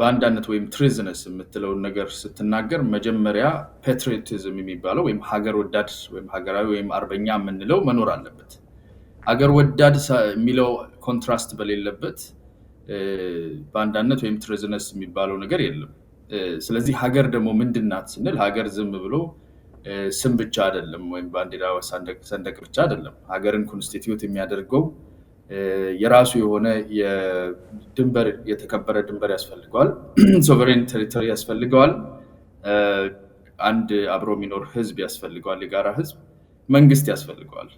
በአንዳነት ወይም ትሪዝነስ የምትለውን ነገር ስትናገር መጀመሪያ ፔትሪዮቲዝም የሚባለው ወይም ሀገር ወዳድ ወይም ሀገራዊ ወይም አርበኛ የምንለው መኖር አለበት። ሀገር ወዳድ የሚለው ኮንትራስት በሌለበት በአንዳነት ወይም ትሪዝነስ የሚባለው ነገር የለም። ስለዚህ ሀገር ደግሞ ምንድን ናት ስንል ሀገር ዝም ብሎ ስም ብቻ አይደለም፣ ወይም ባንዲራ ሰንደቅ ብቻ አይደለም። ሀገርን ኮንስቲትዩት የሚያደርገው የራሱ የሆነ ድንበር የተከበረ ድንበር ያስፈልገዋል። ሶቨሬን ቴሪቶሪ ያስፈልገዋል። አንድ አብሮ የሚኖር ህዝብ ያስፈልገዋል። የጋራ ህዝብ መንግስት ያስፈልገዋል።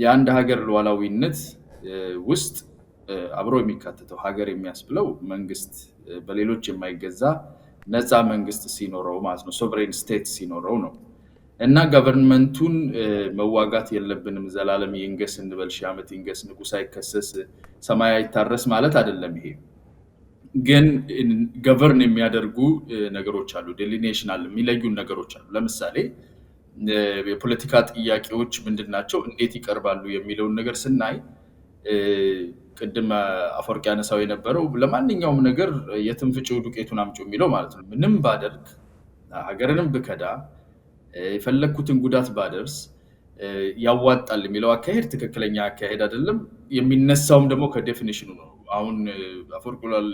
የአንድ ሀገር ሉዓላዊነት ውስጥ አብሮ የሚካተተው ሀገር የሚያስብለው መንግስት በሌሎች የማይገዛ ነፃ መንግስት ሲኖረው ማለት ነው። ሶቨሬን ስቴት ሲኖረው ነው። እና ገቨርንመንቱን መዋጋት የለብንም። ዘላለም ይንገስ እንበል፣ ሺህ ዓመት ይንገስ፣ ንጉስ አይከሰስ፣ ሰማይ አይታረስ ማለት አይደለም። ይሄ ግን ገቨርን የሚያደርጉ ነገሮች አሉ፣ ዴሊኔሽናል የሚለዩን ነገሮች አሉ። ለምሳሌ የፖለቲካ ጥያቄዎች ምንድን ናቸው፣ እንዴት ይቀርባሉ የሚለውን ነገር ስናይ ቅድም አፈወርቅ ያነሳው የነበረው ለማንኛውም ነገር የትንፍጭው ዱቄቱን አምጪው የሚለው ማለት ነው። ምንም ባደርግ ሀገርንም ብከዳ የፈለግኩትን ጉዳት ባደርስ ያዋጣል የሚለው አካሄድ ትክክለኛ አካሄድ አይደለም። የሚነሳውም ደግሞ ከዴፊኒሽኑ ነው። አሁን አፈወርቅ ብሏል፣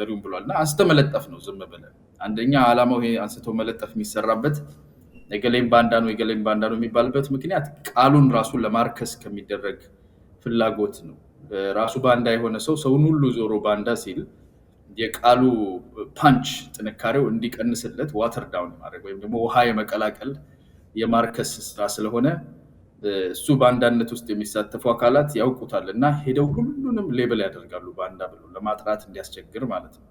ዘሪሁን ብሏል እና አንስተ መለጠፍ ነው። ዝም ብለህ አንደኛ ዓላማው ይሄ አንስቶ መለጠፍ የሚሰራበት የገሌም ባንዳ ነው የገሌም ባንዳ ነው የሚባልበት ምክንያት ቃሉን ራሱን ለማርከስ ከሚደረግ ፍላጎት ነው። ራሱ ባንዳ የሆነ ሰው ሰውን ሁሉ ዞሮ ባንዳ ሲል የቃሉ ፓንች ጥንካሬው እንዲቀንስለት ዋተር ዳውን ማድረግ ወይም ደግሞ ውሃ የመቀላቀል የማርከስ ስራ ስለሆነ እሱ በአንዳነት ውስጥ የሚሳተፉ አካላት ያውቁታል እና ሄደው ሁሉንም ሌብል ያደርጋሉ ባንዳ ብሎ ለማጥራት እንዲያስቸግር ማለት ነው።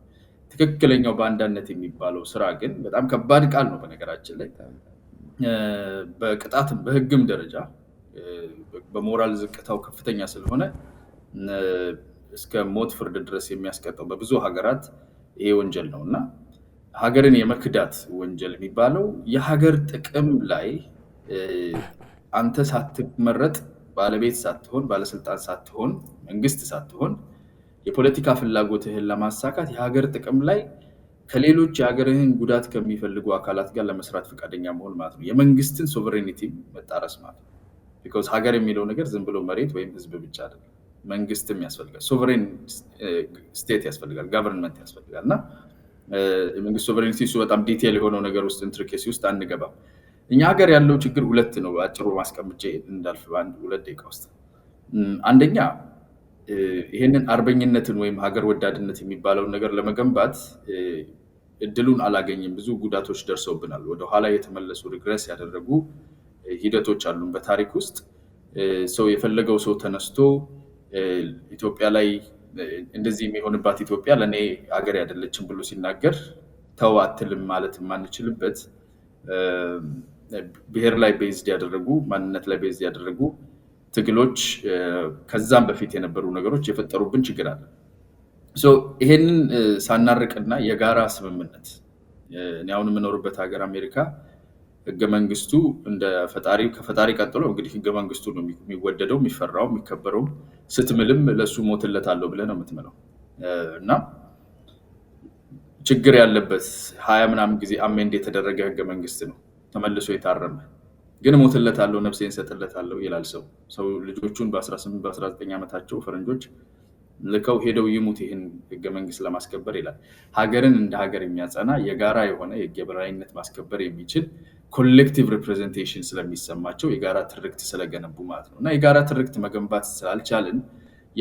ትክክለኛው ባንዳነት የሚባለው ስራ ግን በጣም ከባድ ቃል ነው። በነገራችን ላይ በቅጣትም በህግም ደረጃ በሞራል ዝቅታው ከፍተኛ ስለሆነ እስከ ሞት ፍርድ ድረስ የሚያስቀጠው በብዙ ሀገራት ይሄ ወንጀል ነው እና ሀገርን የመክዳት ወንጀል የሚባለው የሀገር ጥቅም ላይ አንተ ሳትመረጥ ባለቤት ሳትሆን ባለስልጣን ሳትሆን መንግስት ሳትሆን የፖለቲካ ፍላጎትህን ለማሳካት የሀገር ጥቅም ላይ ከሌሎች የሀገርህን ጉዳት ከሚፈልጉ አካላት ጋር ለመስራት ፈቃደኛ መሆን ማለት ነው። የመንግስትን ሶቨሬኒቲ መጣረስ ማለት ነው። ቢኮዝ ሀገር የሚለው ነገር ዝም ብሎ መሬት ወይም ህዝብ ብቻ አይደለም። መንግስትም ያስፈልጋል፣ ሶቨሬን ስቴት ያስፈልጋል፣ ጋቨርንመንት ያስፈልጋል። እና የመንግስት ሶቨሬኒቲ እሱ በጣም ዲቴል የሆነው ነገር ውስጥ ኢንትሪኬሲ ውስጥ አንገባም። እኛ ሀገር ያለው ችግር ሁለት ነው። አጭሩ ማስቀምጬ እንዳልፍ በአንድ ሁለት ደቂቃ ውስጥ አንደኛ ይህንን አርበኝነትን ወይም ሀገር ወዳድነት የሚባለውን ነገር ለመገንባት እድሉን አላገኝም። ብዙ ጉዳቶች ደርሰውብናል። ወደኋላ የተመለሱ ሪግረስ ያደረጉ ሂደቶች አሉን በታሪክ ውስጥ ሰው የፈለገው ሰው ተነስቶ ኢትዮጵያ ላይ እንደዚህ የሚሆንባት ኢትዮጵያ ለእኔ አገሬ አይደለችም ብሎ ሲናገር ተው አትልም ማለት የማንችልበት ብሔር ላይ ቤዝድ ያደረጉ ማንነት ላይ ቤዝድ ያደረጉ ትግሎች ከዛም በፊት የነበሩ ነገሮች የፈጠሩብን ችግር አለ። ይሄንን ሳናርቅና የጋራ ስምምነት እኔ አሁን የምኖርበት ሀገር አሜሪካ ህገ መንግስቱ እንደ ፈጣሪ ከፈጣሪ ቀጥሎ እንግዲህ ህገ መንግስቱ ነው የሚወደደው፣ የሚፈራው፣ የሚከበረው ስትምልም ለእሱ ሞትለታለሁ ብለህ ነው የምትምለው። እና ችግር ያለበት ሀያ ምናምን ጊዜ አሜንድ የተደረገ ህገ መንግስት ነው ተመልሶ የታረመ ግን ሞትለታለሁ፣ ነፍሴን ሰጥለታለሁ ይላል ሰው ሰው ልጆቹን በ18 በ19 ዓመታቸው ፈረንጆች ልከው ሄደው ይሙት ይህን ህገ መንግስት ለማስከበር ይላል። ሀገርን እንደ ሀገር የሚያጸና የጋራ የሆነ የገበራይነት ማስከበር የሚችል ኮሌክቲቭ ሪፕሬዘንቴሽን ስለሚሰማቸው የጋራ ትርክት ስለገነቡ ማለት ነው። እና የጋራ ትርክት መገንባት ስላልቻልን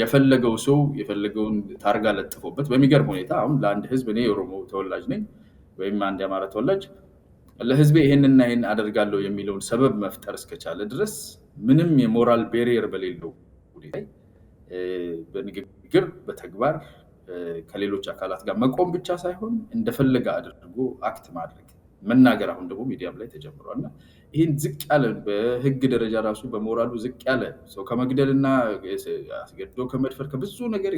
የፈለገው ሰው የፈለገውን ታርጋ ለጥፎበት በሚገርም ሁኔታ አሁን ለአንድ ህዝብ እኔ የኦሮሞ ተወላጅ ነኝ ወይም አንድ የአማራ ተወላጅ ለህዝቤ ይህንና ይህን አደርጋለሁ የሚለውን ሰበብ መፍጠር እስከቻለ ድረስ ምንም የሞራል ቤሪየር በሌለው ሁኔታ በንግግር በተግባር ከሌሎች አካላት ጋር መቆም ብቻ ሳይሆን እንደፈለገ አድርጎ አክት ማድረግ መናገር አሁን ደግሞ ሚዲያም ላይ ተጀምሯል። እና ይህን ዝቅ ያለ በህግ ደረጃ ራሱ በሞራሉ ዝቅ ያለ ሰው ከመግደልና አስገድዶ ከመድፈር ከብዙ ነገር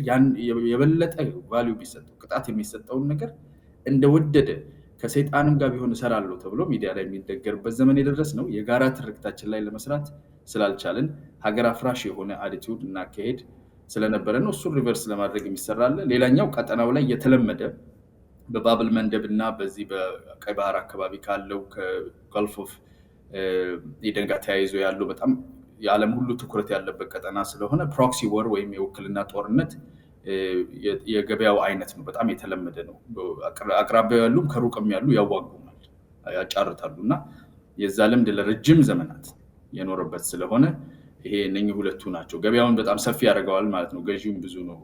የበለጠ ቫሊዩ የሚሰጠው ቅጣት የሚሰጠውን ነገር እንደወደደ ከሰይጣንም ጋር ቢሆን እሰራለሁ ተብሎ ሚዲያ ላይ የሚነገርበት ዘመን የደረስ ነው። የጋራ ትርክታችን ላይ ለመስራት ስላልቻልን ሀገር አፍራሽ የሆነ አቲቲዩድ እና አካሄድ ስለነበረ ነው። እሱን ሪቨርስ ለማድረግ የሚሰራለ ሌላኛው ቀጠናው ላይ የተለመደ በባብል መንደብ እና በዚህ በቀይ ባህር አካባቢ ካለው ከጋልፍ ኦፍ ኤደን ጋር ተያይዞ ያሉ በጣም የዓለም ሁሉ ትኩረት ያለበት ቀጠና ስለሆነ ፕሮክሲ ወር ወይም የውክልና ጦርነት የገበያው አይነት ነው። በጣም የተለመደ ነው። አቅራቢያው ያሉም ከሩቅም ያሉ ያዋጉማል፣ ያጫርታሉ እና የዛ ልምድ ለረጅም ዘመናት የኖረበት ስለሆነ ይሄ እነኚህ ሁለቱ ናቸው። ገበያውን በጣም ሰፊ ያደርገዋል ማለት ነው። ገዢውም ብዙ ነው።